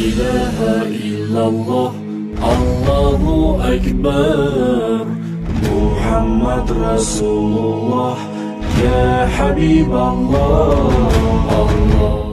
إله إلا الله الله أكبر محمد رسول الله يا حبيب الله الله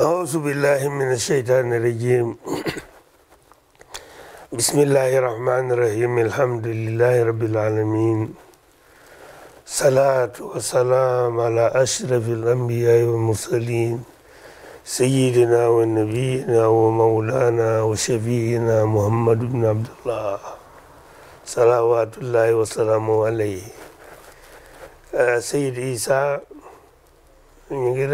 أعوذ بالله من الشيطان الرجيم بسم الله الرحمن الرحيم الحمد لله رب العالمين صلاة وسلام على أشرف الأنبياء والمرسلين سيدنا ونبينا ومولانا وشفينا محمد بن عبد الله صلوات الله وسلامه عليه آه، سيد عيسى ñu ngi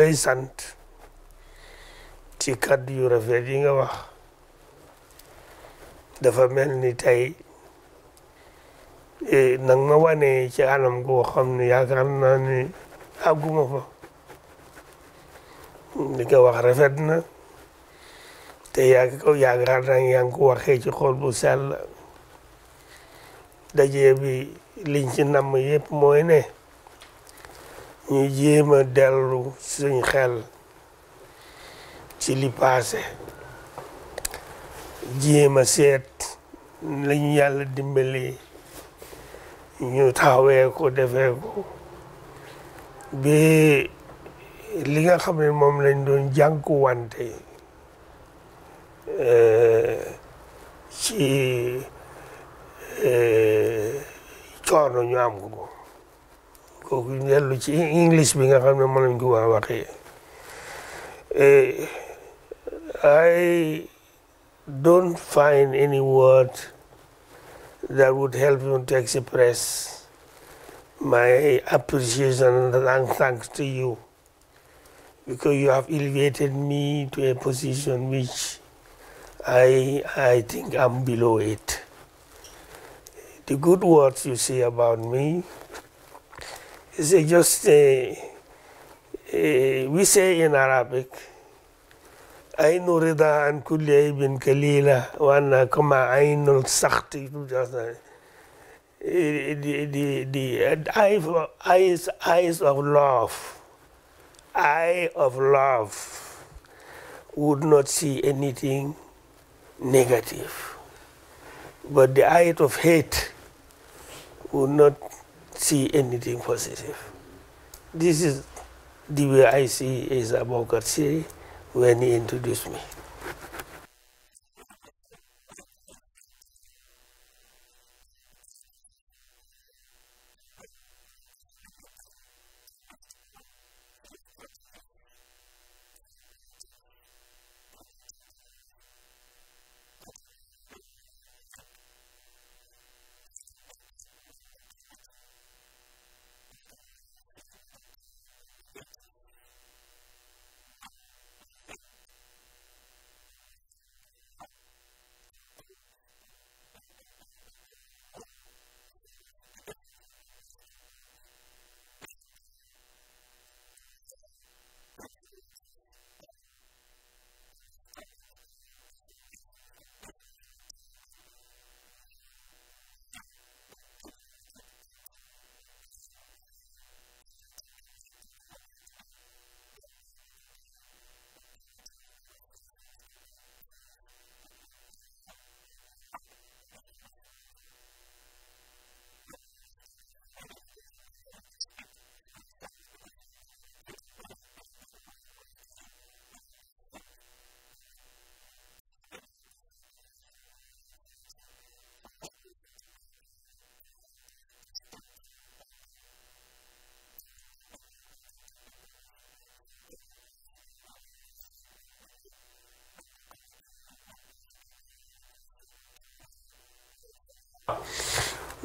ci kàddu yu rafet yi nga wax dafa mel ni tey e, nag ma wane ci anam goo xam ne yaakaar naa ne àgguma fa li nga wax rafet na te yaa yaakaar naa yaa ngi ko waxee ci xol bu sell dajee bi liñ ci namm yëpp mooy ne ñu jéem a dellu suñ xel ci li paase jéem seet lañu yàlla dimbali ñu taxawee ko defee ko bi li nga xam ne moom lañ doon jànku wante eh, ci eh, coono ñu am ko kooku dellu ci english bi nga xam ne moom lañ ko waa waxee eh, I don't find any word that would help me to express my appreciation and thanks to you because you have elevated me to a position which I, I think I'm below it. The good words you say about me is just, we say in Arabic, عين رضا عن كل عيب كليلة وأنا كما عين السخط the, the, the eye, eyes, eyes of love, eye of love would not see anything negative. But the eye of hate would not see anything positive. This is the way I see is about when he introduced me.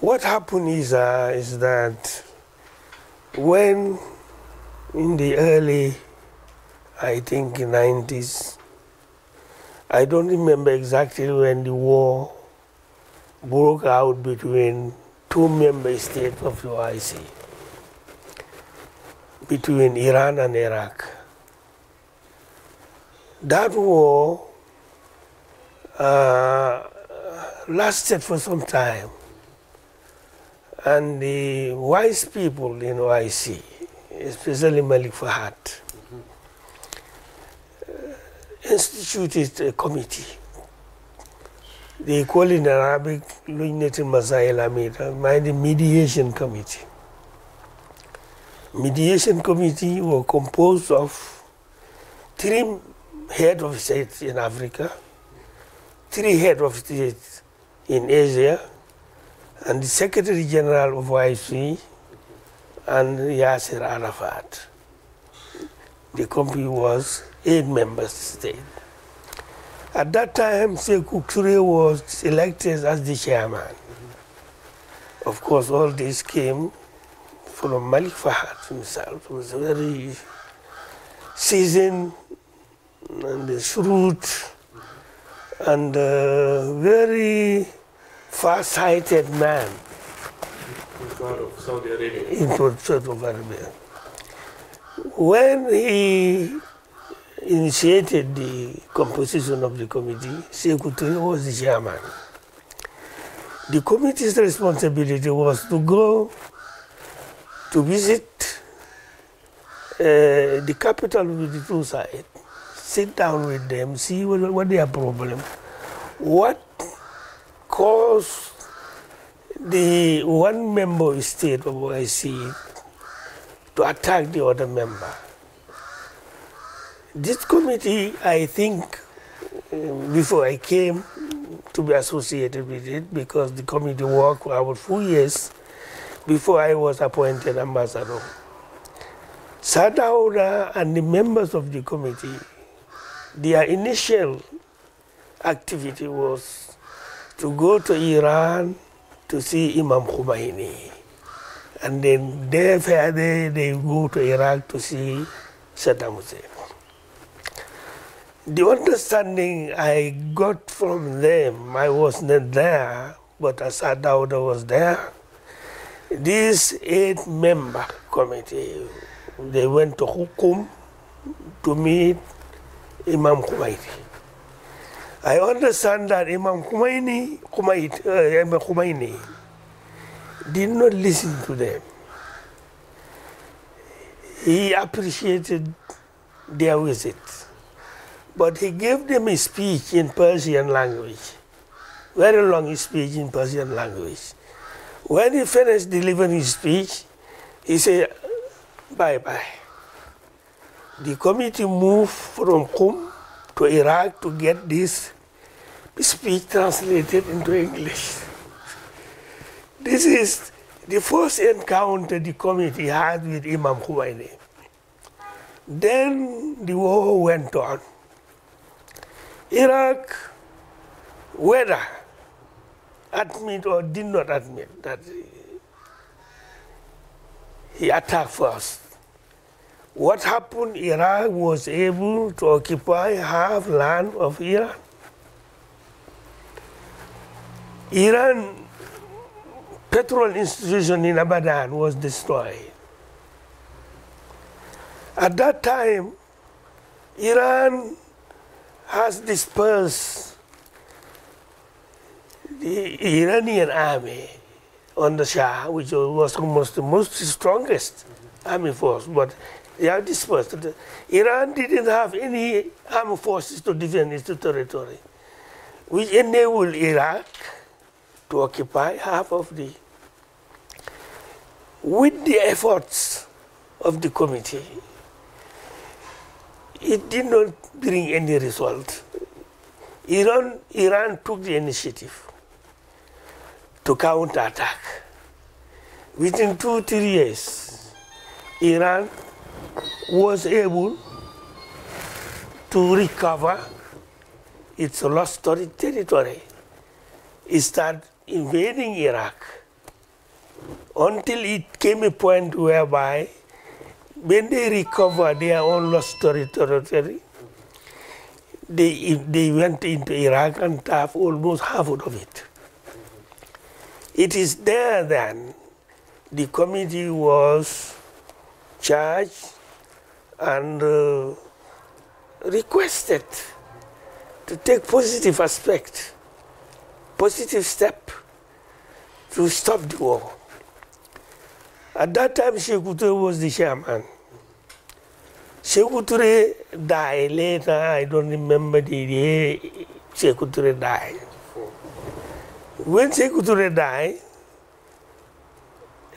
What happened is, uh, is that when in the early, I think, 90s, I don't remember exactly when the war broke out between two member states of the OIC, between Iran and Iraq. That war uh, lasted for some time. And the wise people in OIC, especially Malik Fahad, uh, instituted a committee. They call it in Arabic Lujnatul Masail uh, the Mediation Committee. Mediation Committee were composed of three head of states in Africa, three head of states in Asia, and the Secretary General of OIC and Yasser Arafat. The company was eight member state. At that time, Sekou Touré was elected as the chairman. Of course, all this came from Malik Fahad himself, who was a very seasoned and shrewd and uh, very far-sighted man into Saudi Arabia. When he initiated the composition of the committee, Secretary was the chairman. The committee's responsibility was to go to visit uh, the capital with the two sides, sit down with them, see what, what their problem, what because the one member state of OIC to attack the other member. This committee, I think, um, before I came to be associated with it, because the committee worked for about four years before I was appointed ambassador. Sadaura and the members of the committee, their initial activity was to go to Iran to see Imam Khomeini. And then day after they go to Iraq to see Saddam Hussein. The understanding I got from them, I was not there, but Assad Dawda was there. This eight-member committee, they went to Hukum to meet Imam Khomeini. I understand that Imam Khomeini, Khomeini, uh, Khomeini did not listen to them. He appreciated their visit, but he gave them a speech in Persian language, very long speech in Persian language. When he finished delivering his speech, he said, bye-bye. The committee moved from Qum to Iraq to get this speech translated into English. This is the first encounter the committee had with Imam Khomeini. Then the war went on. Iraq, whether admit or did not admit that he attacked first, what happened, Iraq was able to occupy half land of Iran. Iran petrol institution in Abadan was destroyed. At that time, Iran has dispersed the Iranian army on the Shah, which was almost the most strongest army force, but they are dispersed. Iran didn't have any armed forces to defend its territory, which enabled Iraq to occupy half of the. With the efforts of the committee, it did not bring any result. Iran, Iran took the initiative to counterattack. Within two, three years, Iran was able to recover its lost territory. It started invading Iraq until it came a point whereby when they recovered their own lost territory, they, they went into Iraq and took almost half of it. It is there then the committee was charge and uh, requested to take positive aspect, positive step to stop the war. At that time, Sheikh Couture was the chairman. Sheikh Couture died later, I don't remember the year Sheikh Couture died. When Sheikh Couture died,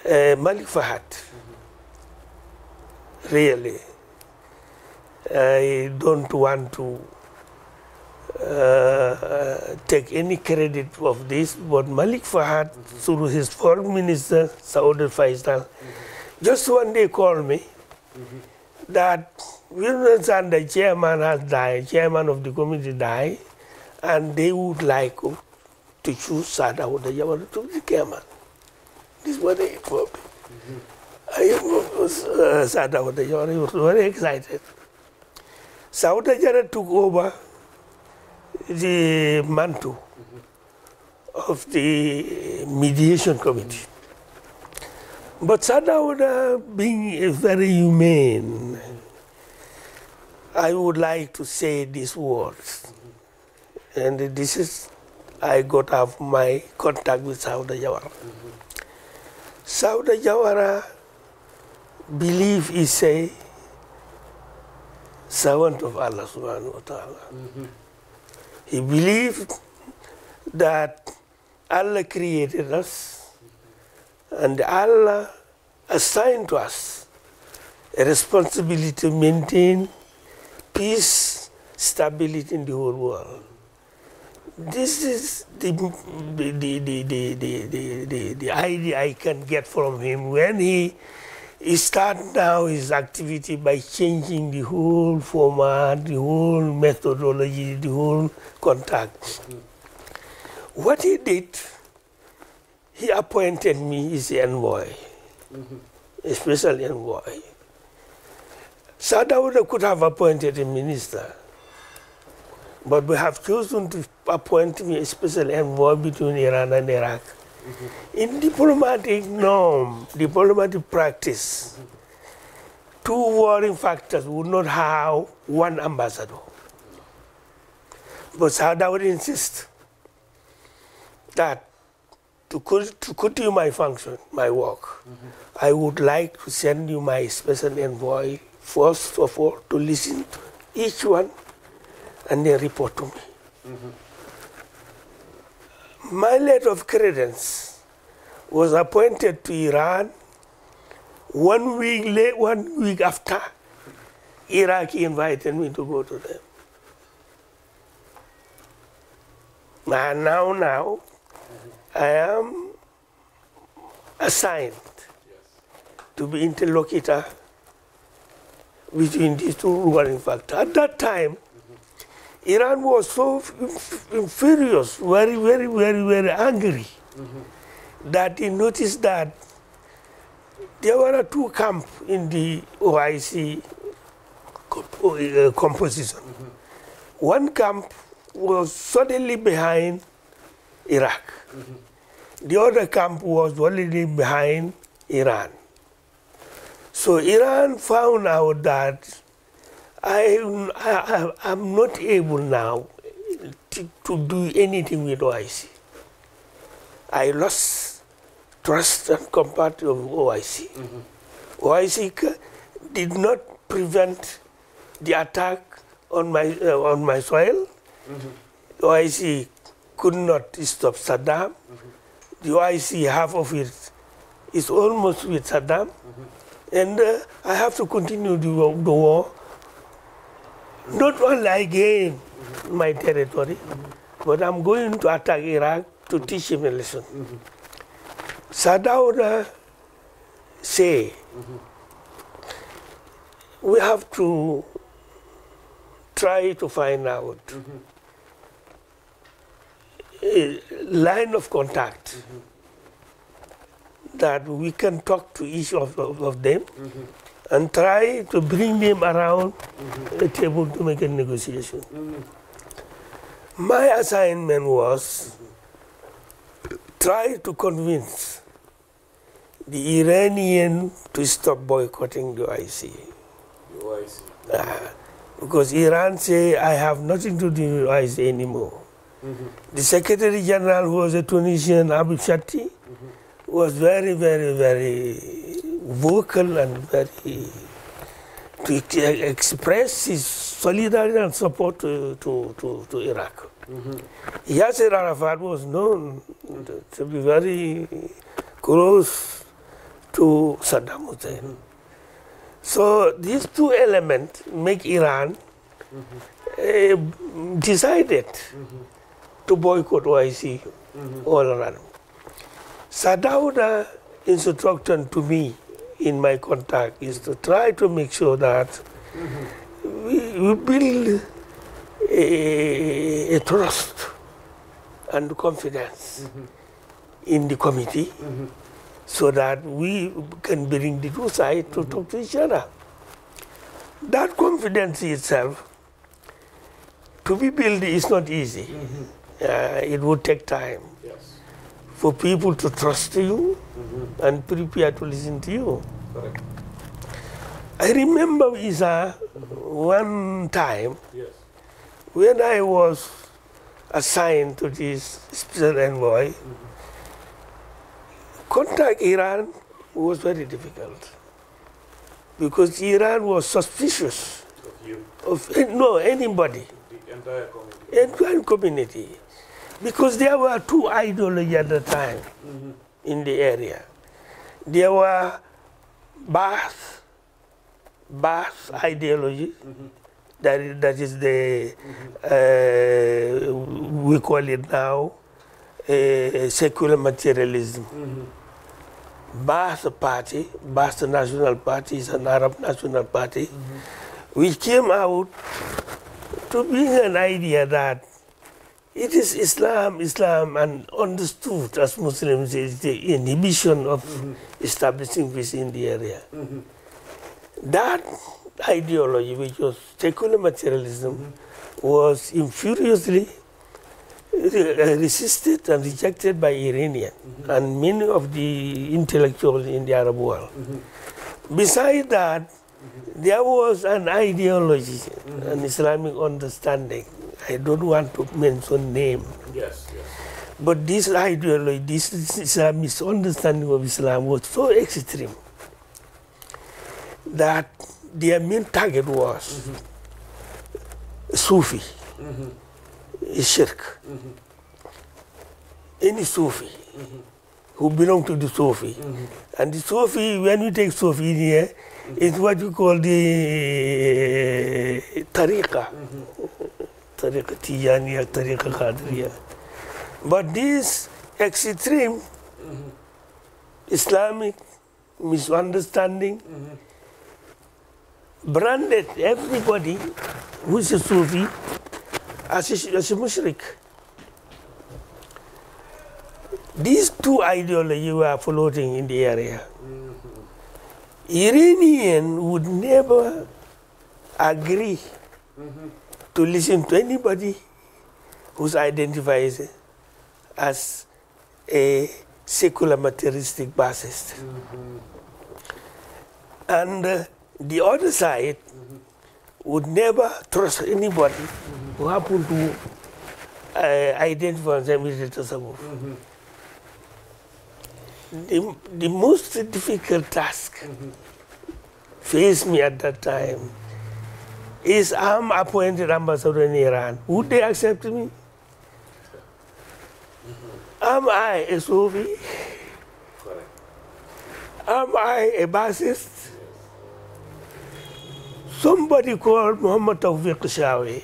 uh, Malik Fahad, really. I don't want to uh, take any credit of this, but Malik Fahad, mm -hmm. through his foreign minister, Saudi Faisal, mm -hmm. just one day called me mm -hmm. that we understand the chairman has died, chairman of the committee died, and they would like to choose Sadawada Jamal to be chairman. This was the problem uh, South Azerbaijan. He was very excited. South Azerbaijan took over the mantle of the mediation committee. But Sadawada, being very humane, I would like to say these words. And this is, I got off of my contact with Sauda Jawara. Sauda Jawara Believe is a servant of Allah subhanahu wa ta'ala. Mm -hmm. He believed that Allah created us and Allah assigned to us a responsibility to maintain peace, stability in the whole world. This is the, the, the, the, the, the, the idea I can get from him when he he start now his activity by changing the whole format, the whole methodology, the whole contact. What he did, he appointed me his envoy, mm -hmm. a special envoy. Sadawuda could have appointed a minister, but we have chosen to appoint me a special envoy between Iran and Iraq. In diplomatic norm, diplomatic practice, two warring factors would not have one ambassador. But Sada would insist that to, to continue my function, my work, mm -hmm. I would like to send you my special envoy, first of all, to listen to each one and then report to me. Mm -hmm. My letter of Credence was appointed to Iran one week late, one week after Iraq invited me to go to them. And now, now, I am assigned to be interlocutor between these two ruling factors. At that time, Iran was so furious, very, very, very, very angry mm -hmm. that he noticed that there were two camps in the OIC uh, composition. Mm -hmm. One camp was suddenly behind Iraq. Mm -hmm. The other camp was already behind Iran. So Iran found out that I, I, I'm not able now to, to do anything with OIC. I lost trust and comfort of OIC. Mm -hmm. OIC did not prevent the attack on my, uh, on my soil. Mm -hmm. OIC could not stop Saddam. Mm -hmm. The OIC, half of it is almost with Saddam. Mm-hmm. And uh, I have to continue the, the war not only I gain my territory, but I'm going to attack Iraq to teach him a lesson. Mm-hmm. Sadauda say, mm-hmm. we have to try to find out mm-hmm. line of contact that we can talk to each of, of, of them and try to bring them around mm-hmm. the table to make a negotiation. Mm-hmm. My assignment was mm-hmm. try to convince the Iranian to stop boycotting the I.C. The ICA. Uh, ah, because Iran say, I have nothing to do with I.C. anymore. Mm -hmm. The Secretary General who was a Tunisian, Abu Shati, mm -hmm. was very, very, very vocal and very to express his solidarity and support to, to, to, to Iraq. Mm -hmm. Yasser Arafat was known to be very close to Saddam Hussein. Mm -hmm. So these two elements make Iran mm -hmm. uh, decided mm-hmm. to boycott OIC mm-hmm. all around. Sadauda instruction to me in my contact is to try to make sure that mm -hmm. we, we, build a, a, trust and confidence mm -hmm. in the committee mm -hmm. so that we can bring the two sides to talk to each other. That confidence itself to be built is not easy. Uh, it will take time yes. for people to trust you and prepare to listen to you. Correct. I remember, a one time yes. when I was assigned to this special envoy, mm -hmm. contact Iran was very difficult because Iran was suspicious of, of no anybody, the entire community. entire community, because there were two ideologies at the time mm -hmm. in the area. There were Baath, Baath ideology, that, that is the, uh, we call it now, uh, secular materialism. Baath Party, Baath National Party is an Arab national party, which came out to be an idea that it is Islam, Islam, and understood as Muslims is the inhibition of mm -hmm. establishing peace in the area. Mm -hmm. That ideology, which was secular materialism, mm -hmm. was infuriously uh, resisted and rejected by Iranian and many of the intellectuals in the Arab world. Besides that, there was an ideology, an Islamic understanding I don't want to mention name. Yes, yes. But this ideology, this Islam misunderstanding of Islam was so extreme that their main target was mm -hmm. Sufi, mm -hmm. Shirk. Mm -hmm. Any Sufi mm-hmm. who belong to the Sufi. Mm-hmm. And the Sufi, when we take Sufi in here, it's mm-hmm. what we call the uh, eh, Tariqa. الطريقة التيجانية الطريقة القادرية but this extreme Islamic misunderstanding branded everybody who is a Sufi as a, as a mushrik. These two ideologies were floating in the area. Iranian would never agree to listen to anybody who's identified as a secular materialistic bassist. Mm -hmm. And uh, the other side mm -hmm. would never trust anybody mm -hmm. who happened to uh, identify themselves with the Tasawwuf. The, the most difficult task faced me at that time is I'm um, appointed ambassador in Iran. Would they accept me? Am I a Sufi? Am I a Basist? Somebody called Muhammad Tawfiq Shawi.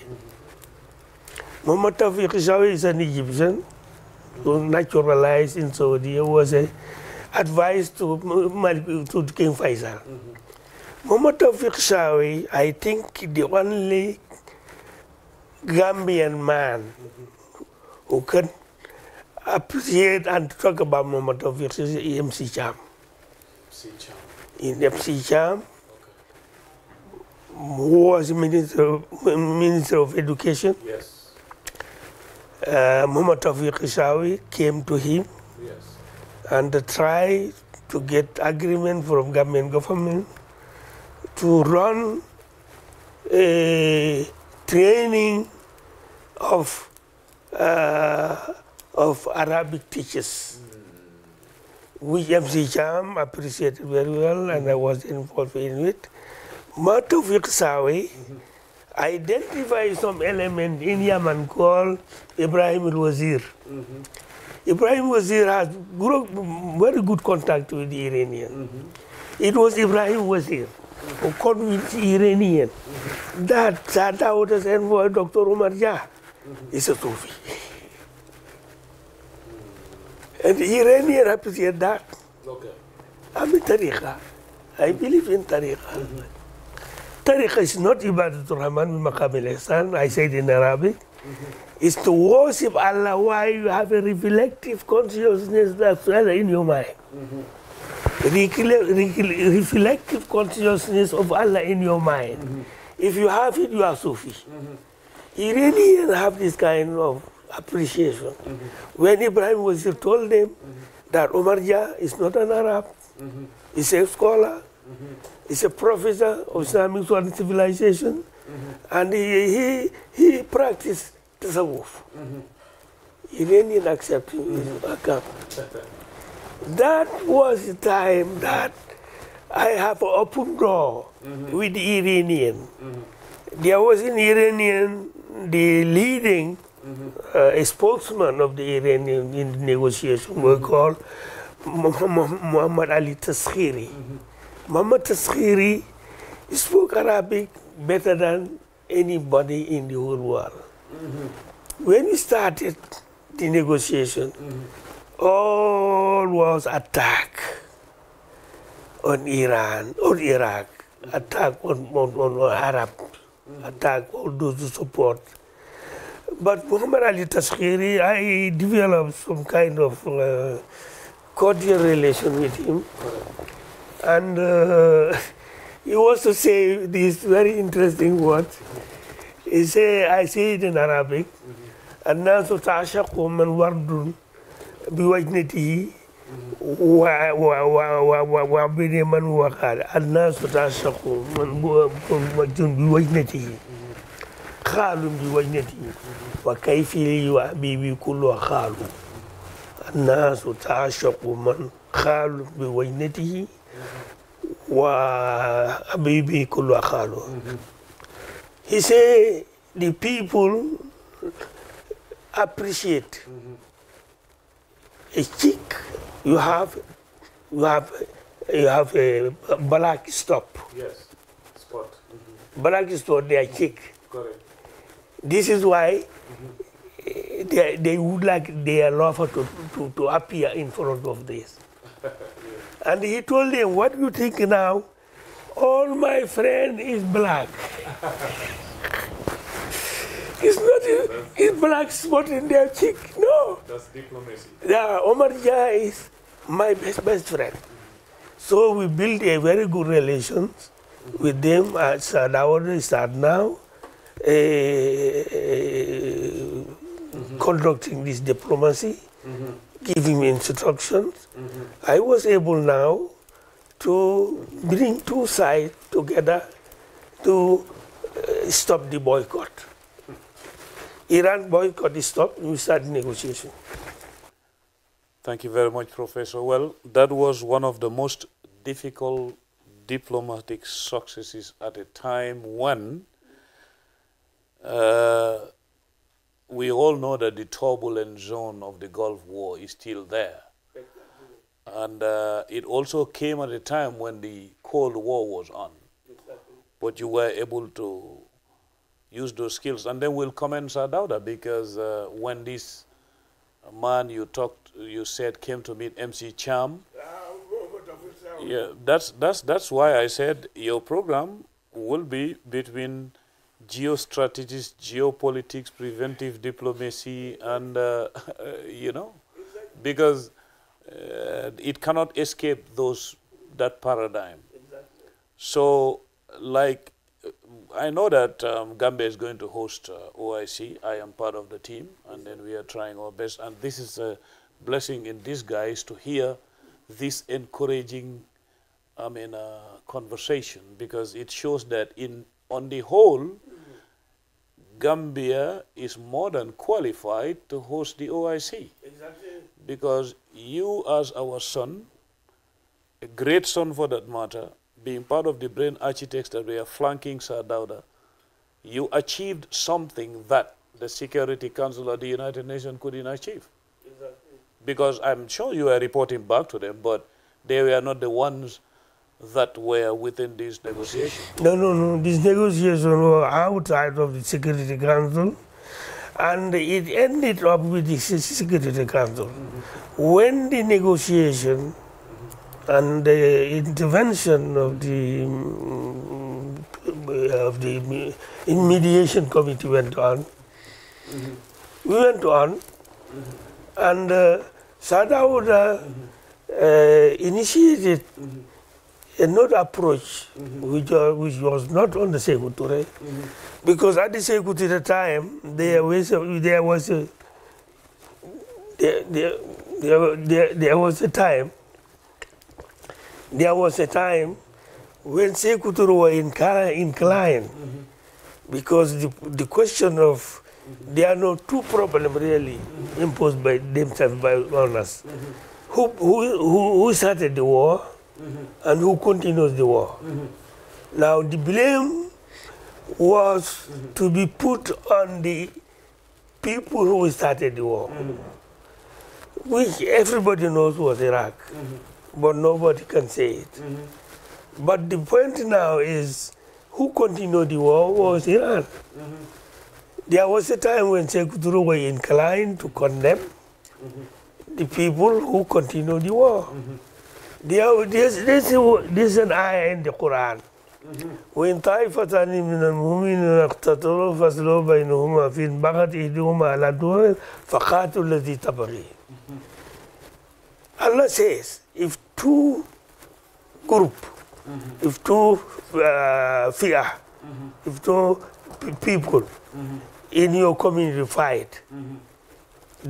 Muhammad Tawfiq Shawi is an Egyptian who naturalized in Saudi. He was advised to, to King Faisal. Mm -hmm. Mohamed Tawfiq I think the only Gambian man who can appreciate and talk about Mohamed Tawfiq is MC Cham. In MC Cham, who was Minister of, Minister of Education. Yes. Uh, came to him yes. and tried to get agreement from Gambian government to run a training of uh, of Arabic teachers, which MC Jam appreciated very well, and I was involved in it. Matu Yuksawi identified some element in Yemen called Ibrahim al-Wazir. Ibrahim Wazir has very good contact with the Iranian. Mm -hmm. It was Ibrahim Wazir the Iranian that Sadat Ota's envoy, Dr. Omar Jah, is a Sufi. And the Iranian appreciate that. Okay. I'm în tariqa. I believe in tariqa. Mm is not Ibadatul Rahman Maqam al I said in Arabic. It's to worship Allah while you have a reflective consciousness that's well in your mind. Mm -hmm reflective consciousness of Allah in your mind. Mm -hmm. If you have it, you are Sufi. Mm -hmm. He really have this kind of appreciation. Mm -hmm. When Ibrahim was told them mm-hmm. that Omar Jah is not an Arab, mm-hmm. he's a scholar, mm-hmm. he's a professor of Islamic civilization, and he, he, he practiced tasawwuf. Iranian accepted his account. That was the time that I have an open door mm -hmm. with the Iranian. Mm -hmm. There was an Iranian, the leading mm-hmm. uh, spokesman of the Iranian in the negotiation mm -hmm. Mohammad Muhammad Ali Taskhiri. Mm-hmm. Muhammad Taskhiri spoke Arabic better than anybody in the whole world. Mm-hmm. When we started the negotiation, all was attack on Iran, on Iraq, attack on, on, on Arab, attack on those who support. But Muhammad Ali Tashkiri, I developed some kind of uh, cordial relation with him. And uh, he also say this very interesting words. He say, I say it in Arabic, الناس تعشق من ورد bi wajnatihi waa waa waa waa waa waa bi ne man waxaale annaasu taasaqu man majun bi wajnatihi xaalum bi wajnatihi wa kayfi li wa habibi kullu xaalu annaasu taasaqu man xaalum bi wajnatihi wa habibi kullu xaalu he say the people appreciate mm -hmm. a cheek, you have, you have, you have a black stop. Yes, spot. Mm -hmm. Black stop their cheek. Correct. This is why mm -hmm. they, they would like their lover to, to, to appear in front of this. And he told them, what you think now? All my friend is black. It's not a, it's black spot in their cheek. No. That's diplomacy. Yeah, Omar Jah is my best best friend. So we built a very good relations with them at Sadawari start now uh, mm -hmm. conducting this diplomacy, mm -hmm. giving instructions. Mm -hmm. I was able now to bring two sides together to uh, stop the boycott. Iran boycott is stopped, we start negotiation. Thank you very much, Professor. Well, that was one of the most difficult diplomatic successes at a time when uh, we all know that the turbulent zone of the Gulf War is still there. And uh, it also came at a time when the Cold War was on. But you were able to use those skills. And then we'll commend Sadauda because uh, when this man you talked, you said came to meet MC Cham. Yeah, that's that's that's why I said your program will be between geostrategies, geopolitics, preventive diplomacy, and uh, you know, because uh, it cannot escape those that paradigm. So, like I know that um, Gambia is going to host uh, OIC. I am part of the team, and then we are trying our best. And this is a blessing in disguise to hear this encouraging, I mean, uh, conversation because it shows that in on the whole, mm -hmm. Gambia is more than qualified to host the OIC. Exactly. Because you, as our son, a great son for that matter, being part of the brain architects that we are flanking Sardauda, you achieved something that the Security Council of the United Nations couldn't achieve. Exactly. Because I'm sure you are reporting back to them, but they were not the ones that were within these negotiations. No, no, no. These negotiations were outside of the Security Council and it ended up with the Security Council. Mm -hmm. When the negotiation and the intervention of the mm, of the in mediation committee went on. Mm -hmm. We went on, mm -hmm. and uh, Sadawuda mm -hmm. uh, initiated mm-hmm. another approach, mm-hmm. which, uh, which was not on the Sekuture, mm-hmm. because at the Sekuture time there was a, there was a there, there, there, there was a time there was a time when Sekuturu were inclined, inclined mm -hmm. because the, the question of there are no two problems really imposed by themselves by on us. Mm -hmm. Who, who, who started the war mm -hmm. and who continues the war? Mm -hmm. Now the blame was to be put on the people who started the war, which everybody knows was Iraq but nobody can say it. Mm -hmm. But the point now is who continued the war was Iran. Mm -hmm. There was a time when Sekuturu were inclined to condemn mm -hmm. the people who continued the war. Mm-hmm. There, there's, this is an ayah in the Quran. وإن طائفتان من المؤمنين اقتتلوا فاصلوا بينهما في بغت إحدهما على دون فقاتلوا الذي تبغي. Allah says, if two group, mm -hmm. if two uh, fear, mm -hmm. if two people mm-hmm. in your community fight, mm-hmm.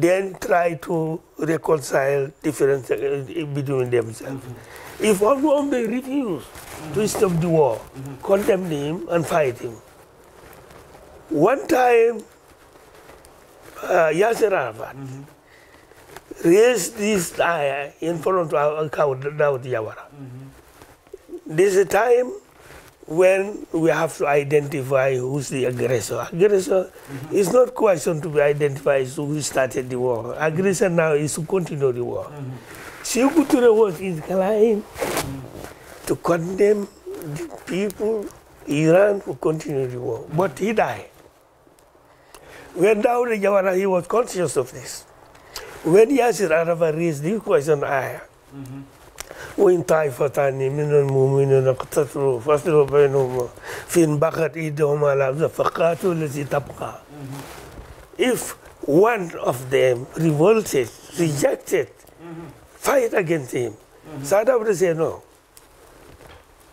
then try to reconcile difference uh, between themselves. Mm-hmm. If one of them refuse to stop the war, condemn him and fight him. One time, uh, Yasser Arafat, raise this tire in front of our Daud Yawara. Mm -hmm. This is a time when we have to identify who's the aggressor. Aggressor mm -hmm. is not question to be identified as who started the war. Aggressor now is to continue the war. Mm -hmm. was inclined mm -hmm. to condemn the people, Iran, who continue the war. But he died. When Daud Yawara, he was conscious of this when you ask that of a race, the question I mm-hmm. when tie for tiny minimum moving in a cutthroat, first of all, by no more fin bucket, idoma, the facato, mm-hmm. If one of them revolted, rejected, mm-hmm. fight against him, Sada would say no.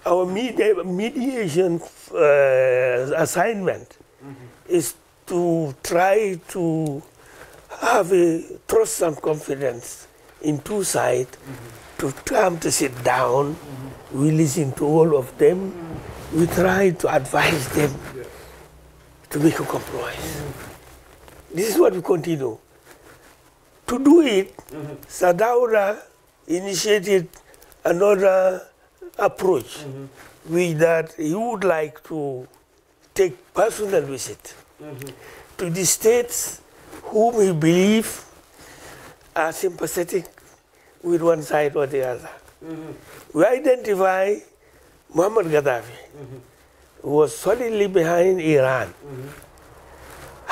Our medi mediation uh, assignment is to try to have a trust and confidence in two sides mm -hmm. to come to sit down. Mm -hmm. We listen to all of them. Mm -hmm. We try to advise them to make a compromise. This is what we continue. To do it, Sadaura initiated another approach, which that he would like to take personal visit to the states who we believe are sympathetic with one side or the other. Mm -hmm. We identify Muammar Gaddafi, mm -hmm. who was solidly behind Iran. Mm -hmm.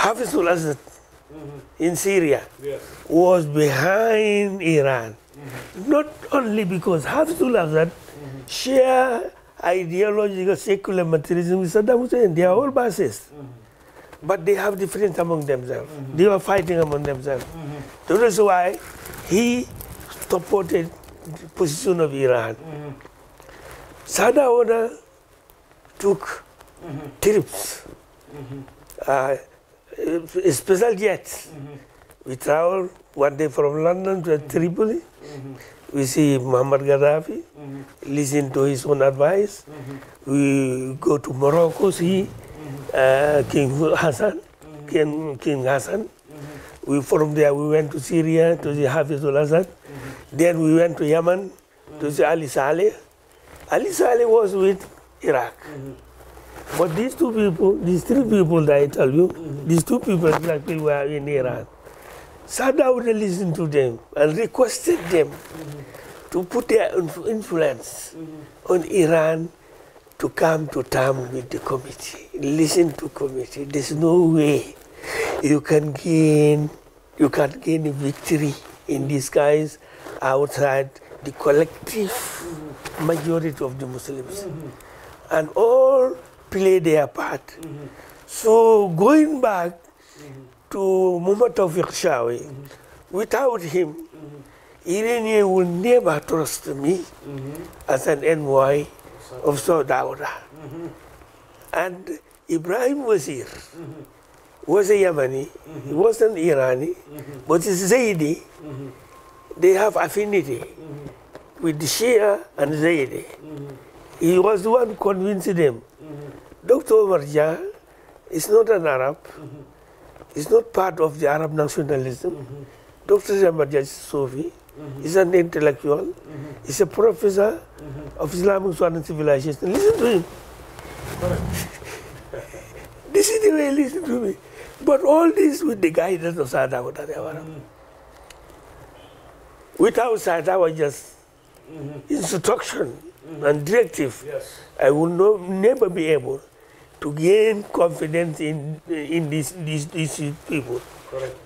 Hafizul Assad mm-hmm. in Syria yes. was behind Iran. Mm-hmm. Not only because Hafizul Assad mm-hmm. share ideological secular materialism with Saddam Hussein, they are all Basis but they have difference among themselves. Mm -hmm. They were fighting among themselves. Mm -hmm. That is why he supported the position of Iran. Mm -hmm. took mm-hmm. trips, mm-hmm. uh, special jets. Mm-hmm. We travel one day from London to Tripoli. We see Muammar Gaddafi, listen to his own advice. We go to Morocco, see uh, King Hassan, King, King Hassan. We from there we went to Syria to the Hafizul Assad. Then we went to Yemen to see Ali Saleh. Ali Saleh was with Iraq. But these two people, these three people that I tell you, these two people, exactly were in Iran. Saddam would listen to them and requested them to put their influence on Iran to come to terms with the committee, listen to committee. There's no way you can gain you can gain a victory in disguise outside the collective majority of the Muslims. Mm -hmm. And all play their part. Mm -hmm. So going back mm -hmm. to Muhammad Tawfiq Shawi, without him, Irene will never trust me as an NY of South Dakota. And Ibrahim was Wazir was a Yemeni, he was an Irani, but he's Zaidi. They have affinity with the Shia and Zaidi. He was the one convincing them. Dr. Marja is not an Arab, mm not part of the Arab nationalism. Dr. Zamarja is Sufi. He's an intellectual. Mm-hmm. He's a professor mm-hmm. of Islamic Swan and Civilization. Listen to him. this is the way listen to me. But all this with the guidance of Sadawa Dadewara. Mm -hmm. Without Sadawa just mm -hmm. instruction mm -hmm. and directive, yes. I will no, never be able to gain confidence in, in these, these, these people. Correct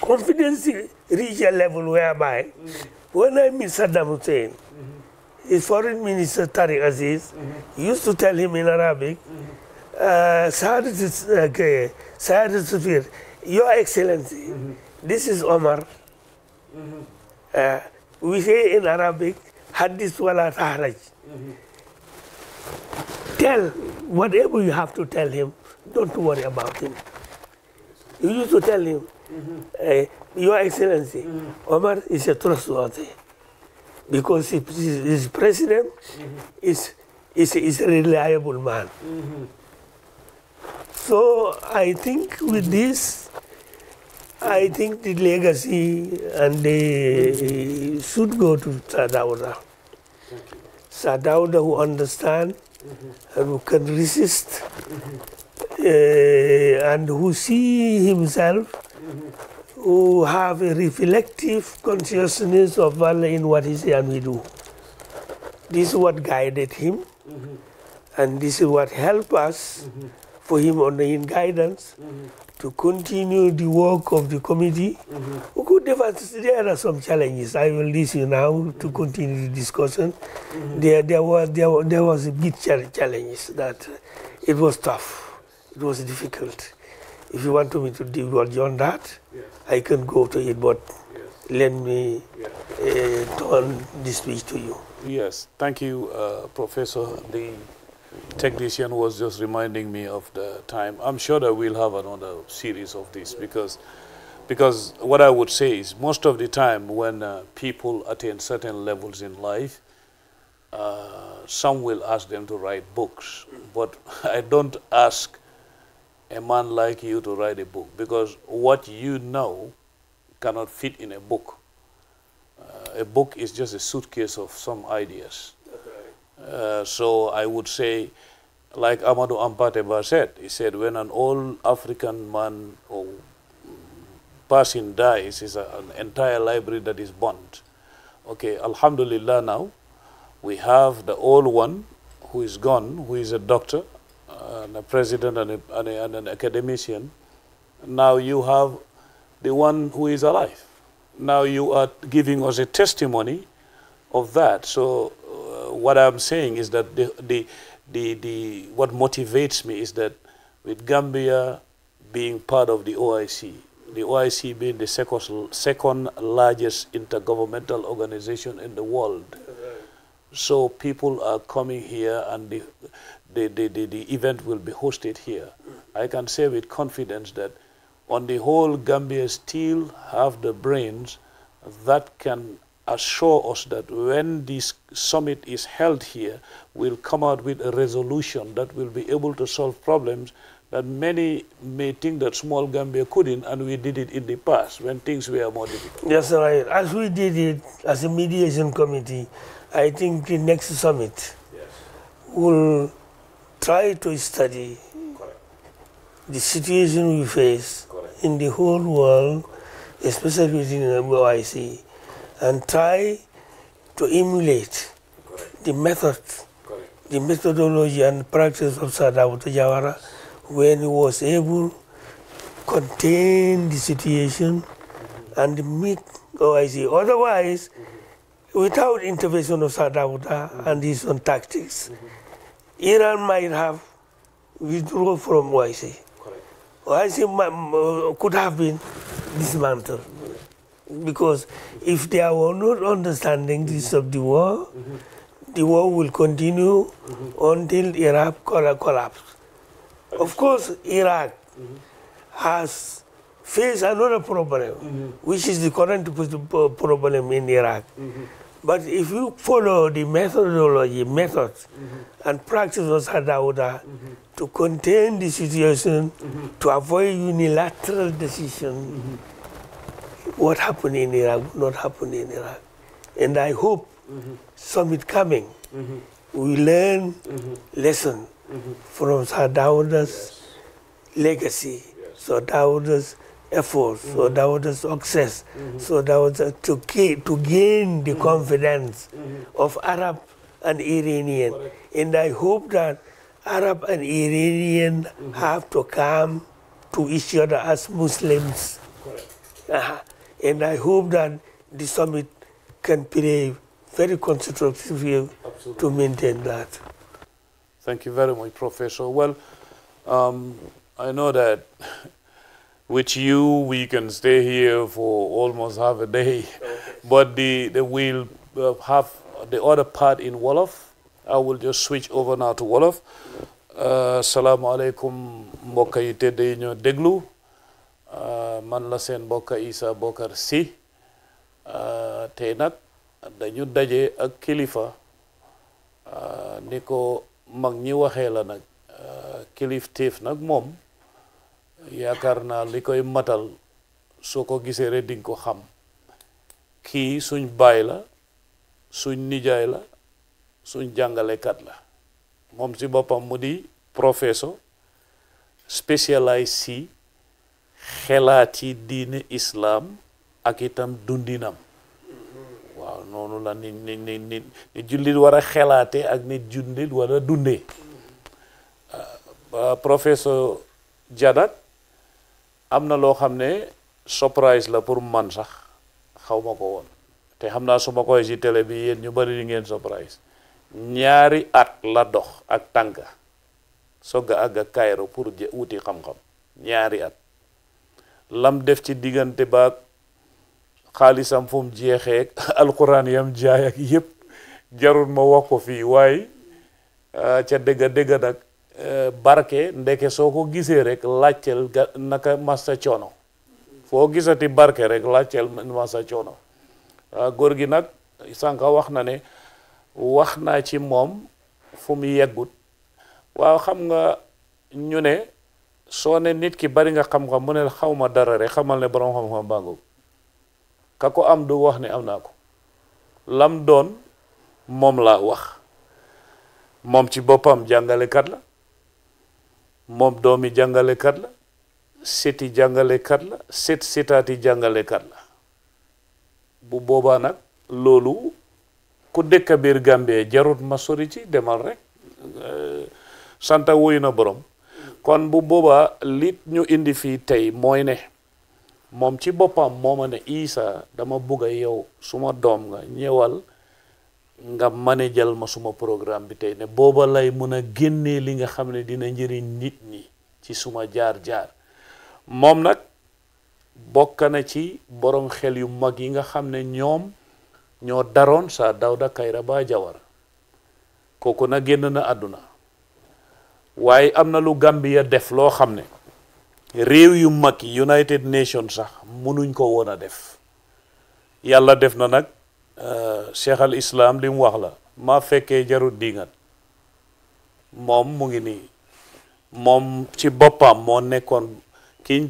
confidence reach a level whereby mm -hmm. when I meet Saddam Hussein, mm -hmm. his foreign minister Tariq Aziz mm -hmm. used to tell him in Arabic, uh, Saad uh, Sufir, Your Excellency, this is Omar. Uh, we say in Arabic, Hadith wala Tell whatever you have to tell him, don't worry about him. You used to tell him, Mm-hmm. Eh, Your Excellency, mm-hmm. Omar is a trustworthy because he president mm-hmm. is, is, a reliable man. So I think with this, I think the legacy and they should go to Sadauda. Sadauda who understand and who can resist uh, and who see himself who have a reflective consciousness of value in what he and we do. This is what guided him, mm -hmm. and this is what helped us mm -hmm. for him on the, in guidance mm -hmm. to continue the work of the committee. We could there are some challenges. I will leave you now to continue the discussion. There, there was there, there was a big challenges that it was tough, it was difficult. If you want me to divulge on that, yes. I can go to it, but yes. let me yes. uh, turn this speech to you. Yes, thank you, uh, Professor. The technician was just reminding me of the time. I'm sure that we'll have another series of this because because what I would say is most of the time when uh, people attain certain levels in life, uh, some will ask them to write books, mm. but I don't ask a man like you to write a book because what you know cannot fit in a book. Uh, a book is just a suitcase of some ideas. Right. Uh, so I would say, like Amadou Ampateba said, he said, when an old African man or person dies, it's a, an entire library that is burned. Okay, Alhamdulillah now, we have the old one who is gone, who is a doctor, and a president and, a, and, a, and an academician. Now you have the one who is alive. Now you are giving us a testimony of that. So uh, what I'm saying is that the, the, the, the, what motivates me is that with Gambia being part of the OIC, the OIC being the second, second largest intergovernmental organization in the world, so people are coming here and the, the, the, the, the event will be hosted here. I can say with confidence that on the whole, Gambia still have the brains that can assure us that when this summit is held here, we'll come out with a resolution that will be able to solve problems that many may think that small Gambia couldn't, and we did it in the past when things were more difficult. That's right. As we did it as a mediation committee, I think the next summit yes. will try to study the situation we face in the whole world, especially within the OIC, and try to emulate the method, the methodology and practice of Sadawata Jawara when he was able to contain the situation mm-hmm. and meet OIC. Otherwise, mm-hmm. without intervention of Sadawata and his own tactics, mm-hmm. Iran might have withdrawn from OIC. Uh, could have been dismantled. Because if they are not understanding this of the war, mm-hmm. the war will continue mm-hmm. until Iraq collapses. Of course, Iraq mm-hmm. has faced another problem, which is the current problem in Iraq but if you follow the methodology, methods, mm -hmm. and practices of order mm -hmm. to contain the situation, mm -hmm. to avoid unilateral decision, mm-hmm. what happened in Iraq would not happen in Iraq. And I hope mm-hmm. summit coming, mm-hmm. we learn lesson from Sadauda's yes. legacy, yes. Sadauda's efforts mm -hmm. so mm-hmm. that was a success mm -hmm. so that was a, to, key, to gain the mm-hmm. confidence mm-hmm. of arab and iranian Correct. and i hope that arab and iranian have to come to each other as muslims uh -huh. and i hope that the summit can play very constructive role to maintain that Thank you very much, Professor. Well, um, I know that with you, we can stay here for almost half a day. Okay. But the, the we'll uh, have the other part in Wolof. I will just switch over now to Wolof. Uh, salaamu aleykum déglu uh, man la seen mbokk Issa Bokarr Sy uh, tey nag daje ak kilifa uh, ni ko mag nag kilif tif nag moom yaakaar naa li koy matal soo ko gisee rek ko xam ki suñ baay la suñ nijaay la suñ jàngalekat la moom si boppam mu di professeur spécialise si xelaati diine islaam ak itam dundinam waaw noonu la ni ni ni ni ni jullit war a xelaate ak ni jullit war a dundee ah, professeur Jadak am na loo xam ne surprise la pour man sax xaw ma ko woon te xam naa su ma koy ci télé bi yéen ñu bari di ngeen surprise ñaari at la dox ak tànk sog àgg ak Cairo pour wuti xam-xam ñaari at lam def ci diggante baag xaalisam fum mu jeexee alquran yam jaay ak yépp jarul ma wax ko fii waaye ah, ca dëgga dëgga nag barke ndeke soo ko gisee rek laajteel naka masta coono foo gisati barke rek laajteel masta coono ah, góor gi nag sànka wax na ne wax naa ci moom fu mu yeggut waaw xam nga ñu ne soo ne nit ki bari nga xam-xam mu ne xaw ma dara rek xamal ne borom xam-xam bàngu ka ko am du wax ne am naa ko lam doon moom laa wax moom ci boppam jàngalekat la moom doomi jàngalekat la seti jàngalekat la set sitaati jàngalekat la bu boobaa nag loolu ku dëkk biir Gambie jarut ma sori ci demal rek euh, santa wuyu na borom kon bu boobaa lit ñu indi fii tey mooy ne moom ci boppam mooma ne Isa dama bugg a yow suma doom nga ñëwal nga manajal ma suma programme bi tey ne booba lay mun a génne li nga xam ne dina njëriñ nit ñi ci suma jaar-jaar moom nag bokk na ci borom xel yu mag yi nga xam ne ñoom ñoo daroon sa Dawda Kairaba Jawara kooku nag génn na àdduna waaye am na lu Gambia def loo xam ne réew yu mag yi United Nations sax munuñ ko woon a def yàlla def na nag Euh, cheikh al islam li mu wax la maa fekkee jarut dingat moom mu ngi nii moom ci boppam moo nekkoon kiñ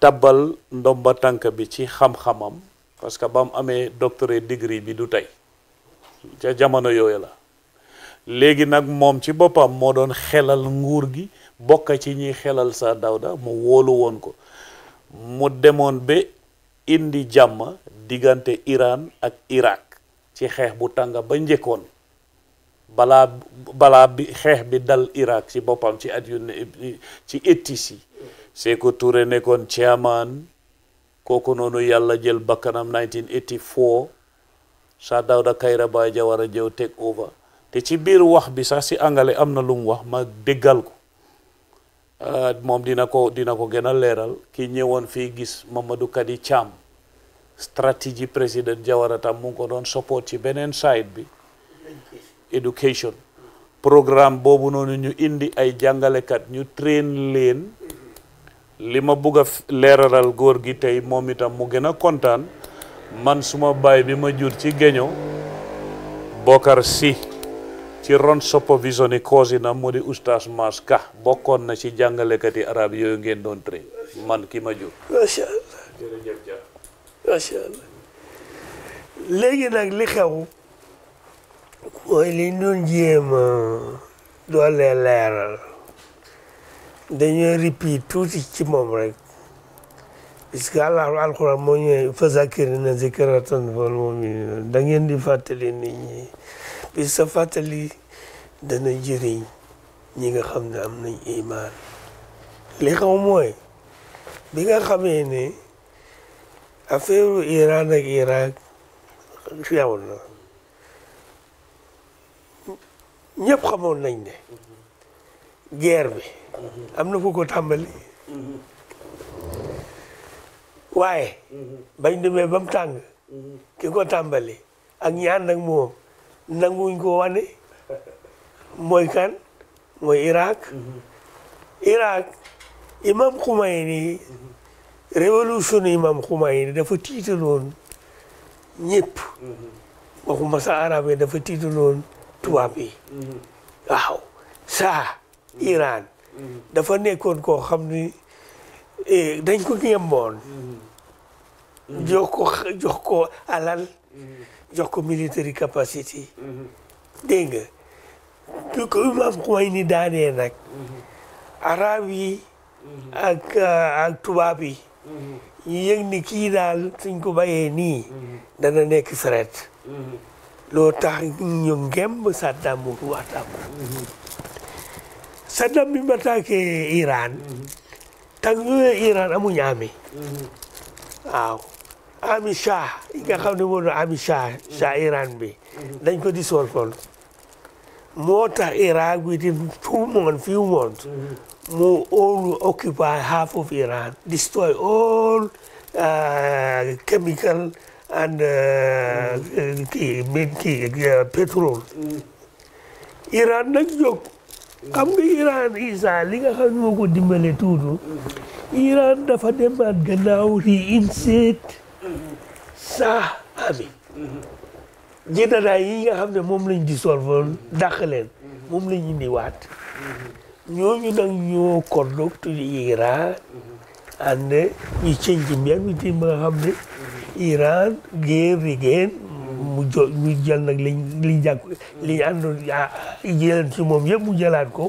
tabbal ndomba tànk bi ci xam-xamam parce que ba mu amee doctorate degree bi du tey ca jamono yooyu la léegi nag moom ci boppam moo doon xelal nguur gi bokk ci ñuy xelal sa Dawda mu wóolu woon ko mu demoon ba indi jàmm digante Iran ak Irak ci xeex bu tanga ba njëkkoon bala bala bi xeex bi dal Irak ci boppam ci at yu ci ettis c'est que Touré nekkoon chairman kooku nonu yalla jël bakkanam 1984 Sir Dawda Kairaba Jawara jew take over te ci biir wax bi sax si angale amna lu mu wax ma déggal ko euh, mom dina ko dina ko gëna léral ki ñëwon fi gis Mamadou Kadi Cham Strategi Presiden jawara mu ngi ko don support ci benen side bi education program bobu nonu ñu indi ay kat ñu train leen lima ma bugg gor gi tay momitam mu gëna contane man suma bay bi ma jur ci Géño Bokar Si ci ron supervision yi cousinam mu di oustaz maska bokon na ci yi arab yooyu ngeen don train man ki ma jur. macha allah léegi nag li xew mooy li ñu doon jéem a doolee leeral dañuy rippi ci moom rek puisque àllahu alquran moo ñëwee fa zakiri na zikratan fal muminina da ngeen di fàttali nit ñi puisque fàttali dana jëriñ ñi nga xam ne am nañ imaan li xaw mooy bi ne affaire Iran ak Irak fi amoon na ñëpp xamoon nañ ne guerre bi am na fu ko tàmbali waaye bañ demee ba mu tàng ki ko tàmbali ak ñaan nag moom nanguñ ko wane mooy kan mooy Irak Irak imam Khomeini révolution imam Khomeini dafa tiitaloon ñëpp mm-hmm. waxuma sa arabe dafa tiitaloon tubaab yi mm-hmm. waaw saa mm-hmm. Iran dafa nekkoon koo xam ni eh, dañ ko ngemboon jox ko alal jox ko military capacity dégg nga du ko imam Khomeini daanee nag arab yi ak ak tubaab yi ñu yëg ni kii daal suñ ko bayee nii dana nekk saret loo tax ñu ngemb Saddam mu waxtaan Saddam bi mu attaqué Iran tag ñëwee Iran amuñu ami waaw ami Shah yi nga xam ne moo doon ami Iran bi dañ ko di solkoon moo tax Iran bi di moon fiu moon Mo all occupy half of Iran, destroy all uh, chemical and uh, mm. kii uh, Iran nag jóg. xam nga Iran isa li nga xam ne moo ko dimbale tuutu. Iran dafa demaat gannaaw reinstate Shah Ami. yi nga xam ne moom lañ dissolvoon dàq leen. Mm-hmm. moom lañ indiwaat. Mm-hmm. ñooñu nag ñoo ko dog tuddi Iran ànd ñu cënji mbiyan mi tim ba nga xam ne Iran géer rigéen mu jo nag liñ liñ jàkk liñ àndoon jëleen ci moom yëpp mu jëlaat ko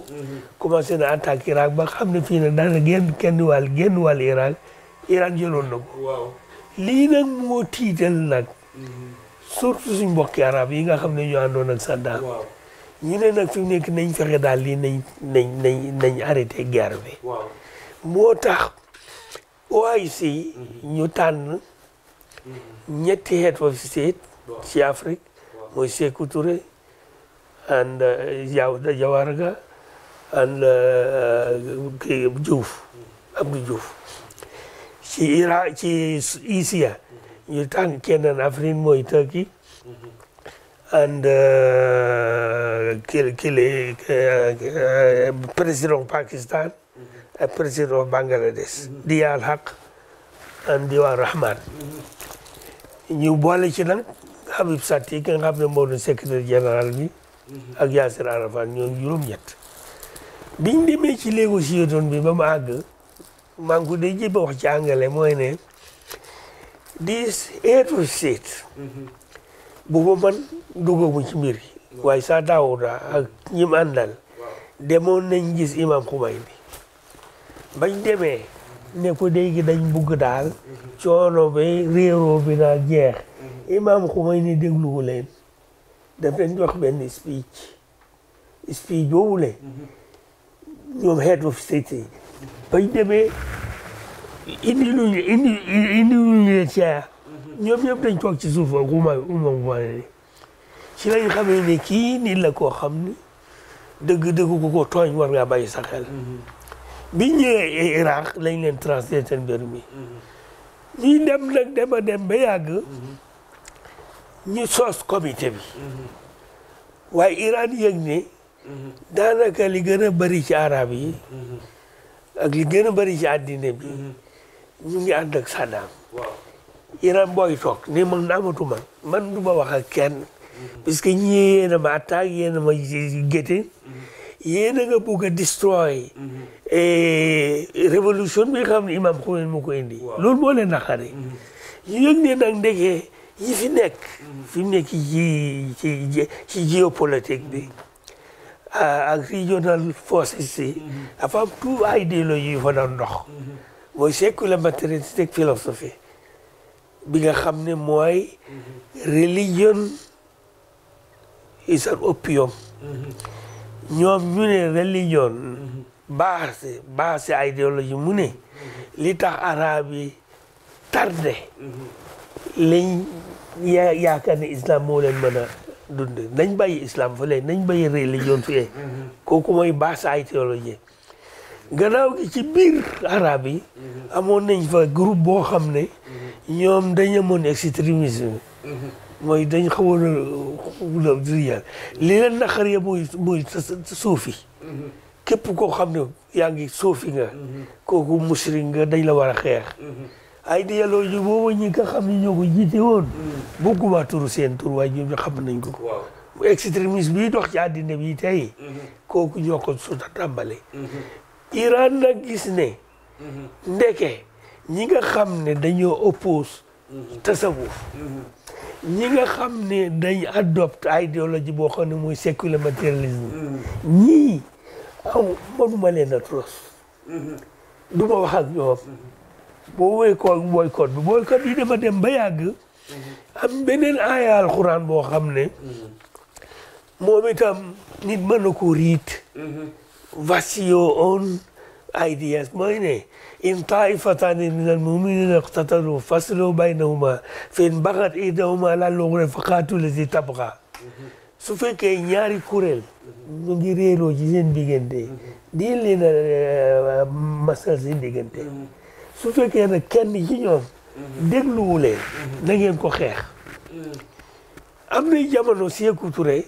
commencé na attaque Irak ba xam ne fii ne daana genn kenn wàll genn wàll Irak Iran jëloon na ko nag moo tiital nag mhm. surtout yi nga xam ne ñoo àndoon ak Saddam ñu ne nag fi mu nekk nañ fexe daal lii nañ nañ nañ nañ arrêté guerre bi. waaw moo tax OIC. Mhm. ñu tànn ñetti head of state ci Afrique mooy Sékou and uh, Jawara and uh, Diouf mhm. Abdou Diouf ci Irak ci ISIA mhm. ñu tànn keneen Afrique mooy Turquie. and kile uh, kile uh, president of Pakistan mm-hmm. and president of Bangladesh mm-hmm. Dia Al Haq and Diwa Rahman mm-hmm. ñu boole ci nag Habib Satti ki nga xam ne moo doon secrétaire général bi ak Yasser Arafat ñoom juróom-ñett biñ demee ci négociation bi ba mu àgg maa ngi wax ci anglais mooy ne this head of state booba man duggaguñ ci mbir yi waaye saa daawuda ak ñim àndal demoon nañ gis imam xubay bi bañ demee ne ko léegi dañ bugg daal coono bi réeroo bi naa jeex mm-hmm. imam xubay ni dégluwu leen daf leen jox benn speech speech boobu le mm-hmm. ñoom head of state yi bañ demee indi luñ indi indi luñ leen ñoom ñëpp dañ toog ci suuf ak uma uma voile ci lañ xamee ne kii nit la koo xam ni dëgg-dëgg ku ko tooñ war ngaa bàyyi sa xel mm-hmm. biñ lañ leen transféré seen mbir mi mm-hmm. ñuy dem nag dem a dem ba yàgg mm-hmm. ñu soos comité bi waaye Iran yëg ne daanaka li gën a bëri ci arab yi ak li gën a bëri ci àddina bi ñu ngi ànd Iran booy toog nii man amatu man man du ma wax ak kenn parce que ñii yéen a ma attaque yéen a ma géte yéen nga bugg a destroy révolution bi xam ne imam Khomeini mu indi loolu moo leen naqari ne nag ndekee yi fi nekk fi mu nekk ci ci ci géopolitique bi ak regional forces yi dafa am tout idéologie fa doon ndox mhm. mooy séculaire matérialistique philosophie bi nga xam ne mooy religion is an opium ñoom ñu ne religion baase baase idéologie mu ne li tax arab yi tarde lañ yaa ne islam moo leen mën a dund ba bàyyi islam fële nañ bàyyi religion fee mhm. kooku mooy baase idéologie gannaaw gi ci biir arab amoon nañ fa groupe boo xam ne ñoom dañ amoon extrémisme mooy dañ xawoon a dirial li leen naqar ya mooy mooy képp koo xam ne yaa ngi suufi nga kooku musrik nga dañ la war a xeex ay idéologie boobu ñi nga xam ne ñoo ko jiite woon waaye ñoom xam nañ ko extrémisme bi dox ci àddina bi tey kooku ñoo ko suta tàmbale Iran na gis ne. ndeke ñi nga xam ne dañoo oppose. tasawuf ñi nga xam ne dañ adopte idéologie boo xam ne mooy sécular matérialisme ñii aw mënuma leen a boo woykoo dem ba yàgg am boo xam ne moom itam nit mën na ko riit وسيء أيديات ماينة إن طائفتان من المؤمنين اقتتلوا فصلوا بينهما فإن بغت إيدهما على الأخرى فقاتلوا التي تبغى سوفي كي نياري كوريل نجيري لو جيزين دين لنا آه، مسألة زين بيجندي سوفي أنا كان نجيون دقلوا لين نجيون كو خيخ am na jamono Sékou Touré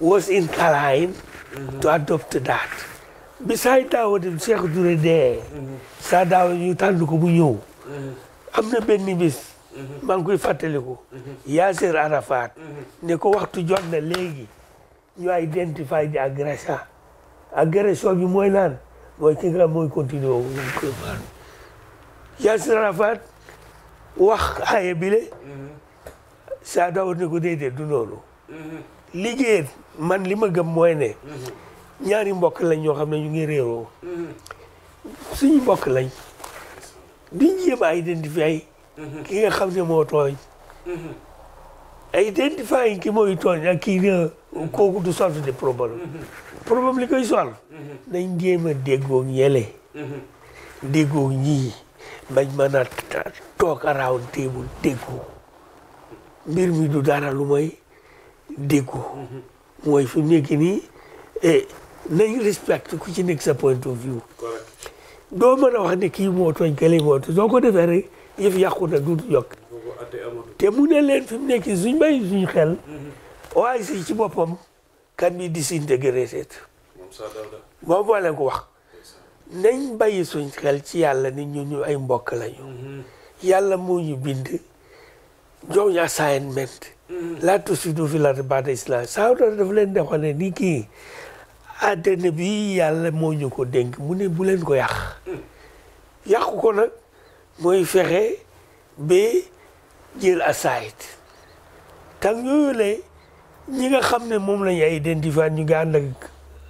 was inclined to adopt that bi saay daawa dem Sékou Touré dee saa daawa ñu tànn ko mu ñëw am na benn bis maa ngi koy fàttaliku Yasser ne ko waxtu jot na léegi ñu identify di agression agression bi mooy naan mooy ki nga mooy continuer wu ñu koy Yasser Arafat wax aaye bile saa daaw ne ko déedéet du loolu. Mm-hmm. liggéey man li ma gëm mooy ne. Mm-hmm. ñaari mbokk lañ ñoo xam ne ñu ngi réeroo. Mm-hmm. suñu mbokk lañ. di jéem a identifier. ki nga xam ne moo mooy tooñ ak kii ne kooku du solve de problème. problème li koy solve. nañ jéem a déggoo ñële. déggoo ñii bañ mën a toog around table déggoo. mbir mi du dara lu may déggoo mooy fi mu nekk nii et eh, nañ respect ku ci nekk sa point of view doo mën a wax ne kii moo tooñ kële moo tooñ soo ko defee rek yëf yàqu na du yokk te mu ne leen fi mu nekk suñ bay suñ xel waaye si ci boppam kan bi disintégré seet moom moo ko wax nañ bàyyi suñ xel ci yàlla ni ñu ñu ay mbokk lañu mm-hmm. yàlla moo ñu bind ñoom ñaa assignment mm. laa tusidu fil ardi ba'da islaahihaa saa dafa leen di wax ne ni kii àddina bi yàlla moo ñu ko dénk ne bu leen ko yàq mm. yàqu ko nag mooy fexe ba jël aside tag yooyu la ñi nga xam ne moom lañu identifié ñu ngi ànd ak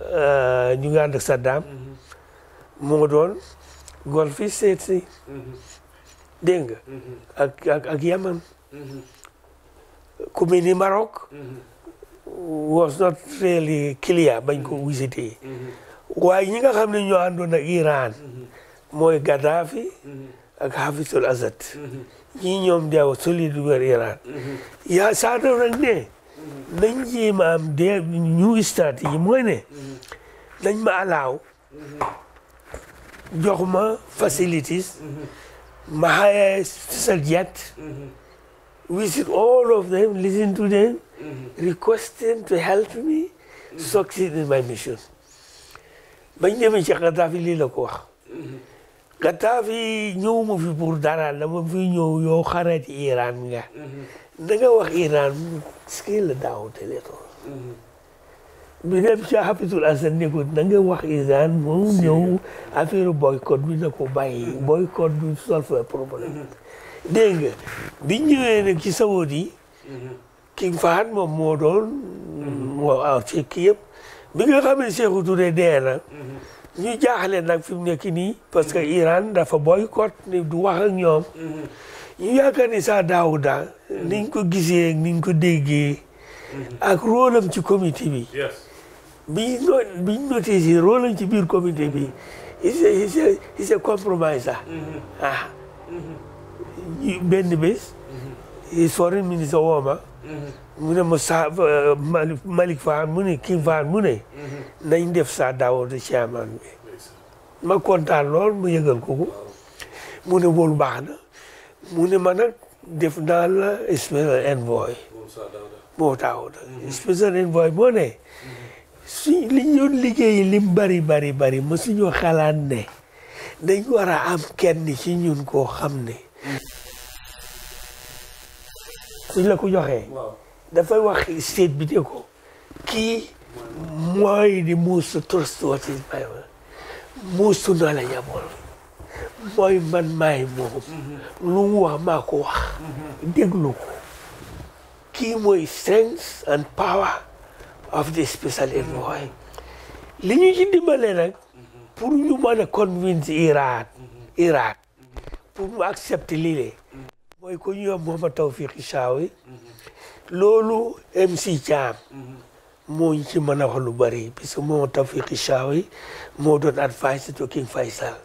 euh, ñu ngi ànd ak Saddam mm-hmm. mu nga doon Golf State si mm-hmm. dégg mm-hmm. ak ak ku mel was not really clear bañ ko visité waaye ñi nga xam ne ñoo àndoon ak Iran mooy Gaddafi ak Hafizul Assad ñii ñoom deew solide wër Iran yaa saado ne nañ jéem a am de ñu stratégie mooy ne nañ ma alaaw jox ma facilities ma xaye sal jet visit all of them, listen to them, mm -hmm. request them to help me mm -hmm. succeed in my mission. My name is Gaddafi lii la ko wax. Gaddafi ñëw ma fi pour dara dama fi ñëw yow xarit Iran nga. da Iran skill down a little. to. bi dem happy to Hasan ne ko da nga Iran moom after affaire boycott bi na ko bàyyi. boycott bi solve problem. dégg nga biñ ñëwee nag ci sawoot yi mhm. King moom moo doon moo mhm. aw ci kii yëpp bi nga xam ne Sékou Touré dee na mhm. ñu jaaxle nag fi mu nekk nii parce que Iran dafa boycott ni du wax ak ñoom ñu yaakaar ni sax Daouda niñ ko gisee niñ ko déggee ak rôle am ci comité bi biñ no biñ noté ci biir comité bi il s'est compromis sax ah benn bés. Mhm. foreign minister woo ma. Mhm. mu ne ma sa Malick Malick mu ne King Fall mu ne. Mhm. nañ def sa daaw de chairman bi. ma kontaan lool mu yëgal ko mu ne woon baax na mu ne ma nag def naa special envoy. boo ne. suñ li ñu lim bari bari bari mosuñu xalaat ne dañ war am kenn ci ñun koo xam ne. suñ la ko joxee. dafay wax state bi de ko kii mooy di muusu touriste waat yi muusu noo la ñamoon mooy man maay moom mhm. lu mu wax maa ko wax mhm. déglu ko kii mooy strength and power of the special envoy mhm. li ñu ci dimbalee nag pour ñu mën a convince Iran Iran pour mu accepter lii mooy ku ñu yóbbu ma Tawfekh Sawy loolu MC Thiam moo ñu ci mën a wax lu bari parce que moom Tawfekh Sawy to King Faisal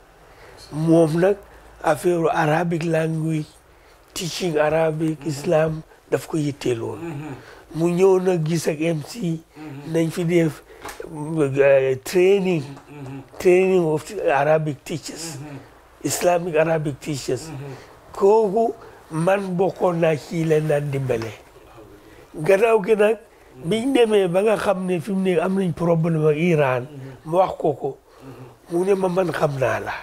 moom nag affaire arabic language teaching arabic islam daf ko yittee loolu mu ñëw nag gis ak MC nañ fi def euh, training training of arabic teachers islamic arabic teachers kooku man bokkoon naa ci leen daan dimbale gannaaw gi nag biñ ba nga xam ne fi mu ne am nañ problème ak Iran mu wax ko ko mu ne ma man xam naa la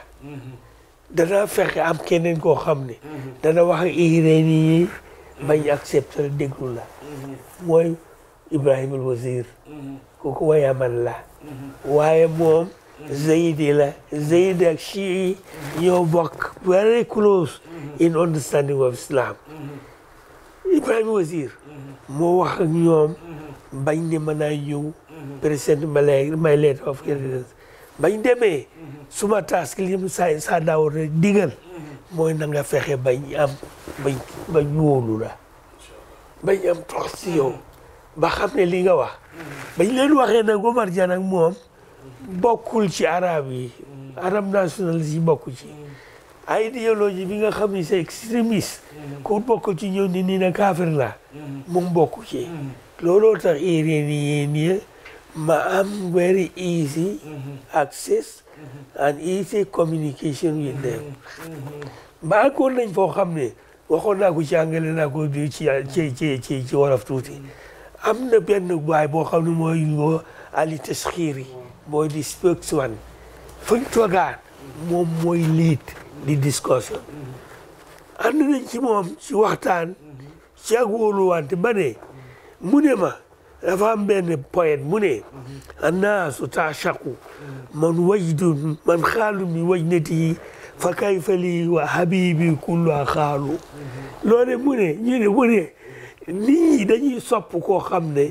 danaa fexe am keneen koo xam ne dana wax ak Iran yi bañ accepté la déglu la mooy Ibrahima Wazir mhm. kooku la mhm. waaye moom Zaidi la Zaidi ak Shii bokk very close in understanding of Islam Ibrahima Wazir moo wax ak bañ ne mën naa present my letter of credence bañ demee suma task li mu sa saa daaw rek digal mooy na nga fexe bañ am bañ bañ wóolu bañ am tox si yow bañ leen waxee nag Omar Dia nag moom bokkul ci arab yi arab nationaliste yi bokk ci ay bi nga xam ni c'est extrémiste mm-hmm. ku bokk ci ñëw ni nii na kaafir la mm-hmm. moom bokk ci mm-hmm. looloo tax Iranian ma am very easy access and easy communication with them ba accord nañ foo xam ne waxoon naa ko ci angale naa bi ci ci ci ci ci wolof tuuti am na benn baay boo xam ne mooy Ali Tashkiri mooy di spokesman fuñ toogaan moom mooy lead di discussion ànd nañ ci moom ci waxtaan ci ak wóoluwante ba ne mu ne ma dafa am benn poète mu ne annaasu taashaku man wajdun man xaalu mi wajnati fa kayfa li wa habibi kulla xaalu loole mu ne ñu ne dañuy sopp koo xam ne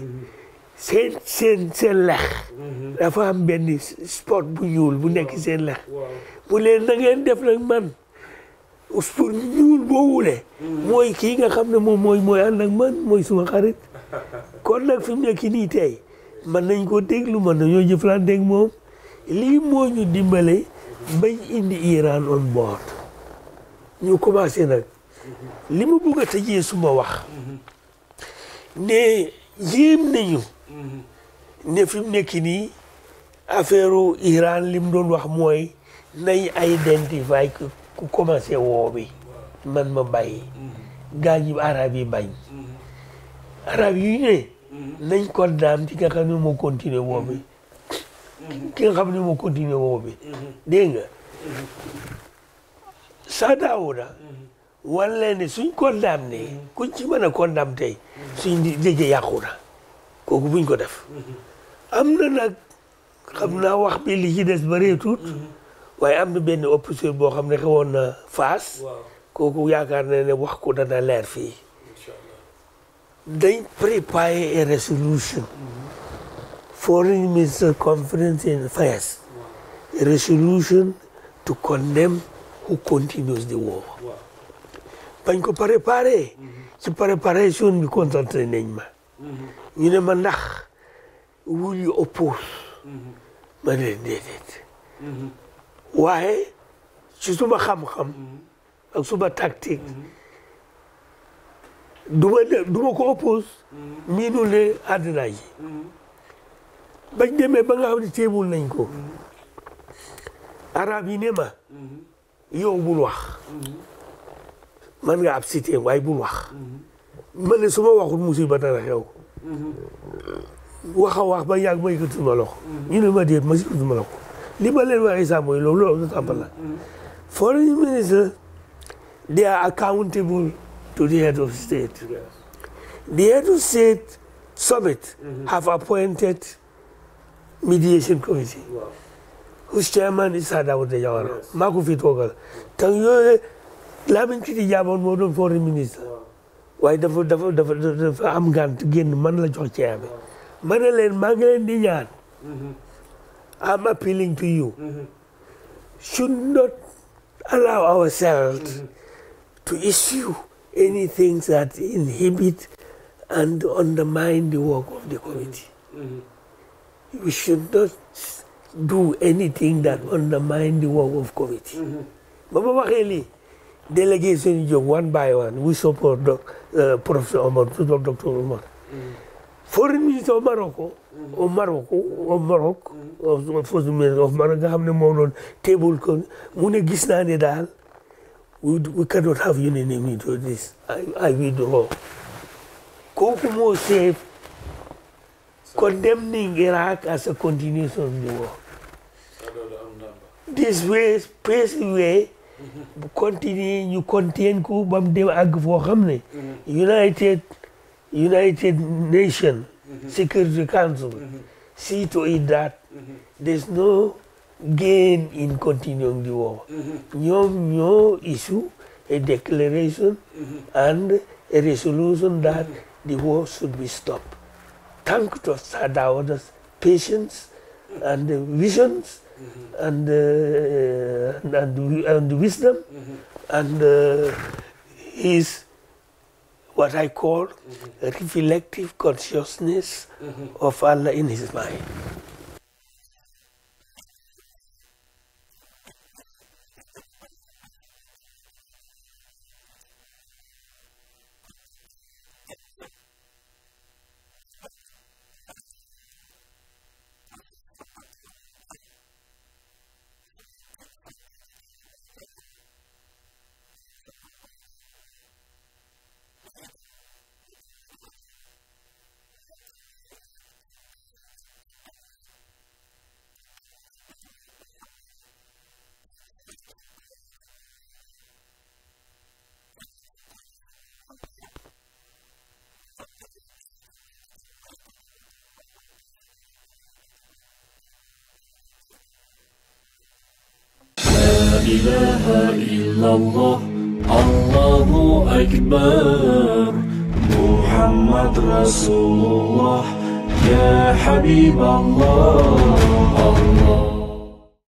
seen seen seen mhm. dafa am benn sport bu ñuul bu nekk seen lex bu leen da ngeen def nag man sport ñuul boo wulee mhm. mooy kii nga xam ne moom mooy mooy ànd ak man mooy suma xarit kon nag fi mu nekk nii tey man nañ koo déglu man nañoo jëflante ak moom lii moo ñu dimbale bañ indi Iran on board ñu commencé nag mhm. lima ma bëgg a tëjee suma wax ne jéem nañu ne fi mu nekk nii affaire Iran lim mu doon wax mooy nañ identifier ku commencé woo man ma bàyyi. gaañ yi arab yi bañ. arab yi ne. nañ ko daan ci nga xam ne moo continuer woo bi. ki nga moo continuer woo bi. dégg nga. saadaawu na. wan leen ne suñ condamné kuñ ci mën a condamné tey. suñ jëjë yàqu na. kooku buñ ko def am na nag xam naa wax bi li ci des bareetut waaye am na benn opposition boo xam ne xewoon na Fass kooku yaakaar na ne wax ko dana leer fii dañ préparer a resolution foreign minister conference in Fayas a resolution to condemn who continues the war bañ ko préparer mm-hmm. ci préparation bi concentré nañ ma ñu ne ma ndax will you ma ne leen waaye ci suma xam-xam ak suma tactique du ma du ma ko oppose miinu ne àddina ji bañ demee ba nga xam ne téebul nañ ko araab yi ne ma yow bul man nga ab cité waaye bul wax ma ne su ma waxul musiba dara xew wax a wax ba yàgg ma yëkkati ma loxo ñu ne ma déet ma yëkkati ma loxo li ma leen waxee sax mooy loolu loolu tàmbala foreign minister they are accountable to the head of state the head of state summit have appointed mediation committee whose chairman is Sadao Dejawara yes. maa ko fi toogal tan yooyu Lamin Kiti Jaaboon moo doon foreign minister waaye dafa dafa dafa dafa am ngànt génn man la jox ceeb bi ma ne leen maa ngi leen di ñaan mm-hmm. I'm appealing to you mm-hmm. should not allow ourselves mm-hmm. to issue anything that inhibit and undermine the work of the committee. We should not do anything that undermine the work of committee. ba ma waxee lii délégué suñu jóg one by one we support Professor Omar, tout le docteur Omar. foreign minister au Maroc au Maroc au Maroc first minister of Maroc nga xam ne moo table kon mu ne gis naa ne we cannot have unanimity to this I I withdraw kooku moo seef condemning Iraq as a continuation of the war this way pays way bu continuer ñu contain ko ba mu dem àgg foo xam mhm. United United Nations mhm. Security Council see to it that there's no gain in continuing the war mhm. ñoom ñoo issue a declaration and a resolution that the war should be stopped thanks to Sir Dawoda's patience and visions Mm-hmm. and, and, uh, and, and wisdom, mm-hmm. and uh, his what I call mm-hmm. reflective consciousness of Allah in his mind. Allah Allah Allahu Akbar Muhammad Rasulullah Ya Habib Allah Allah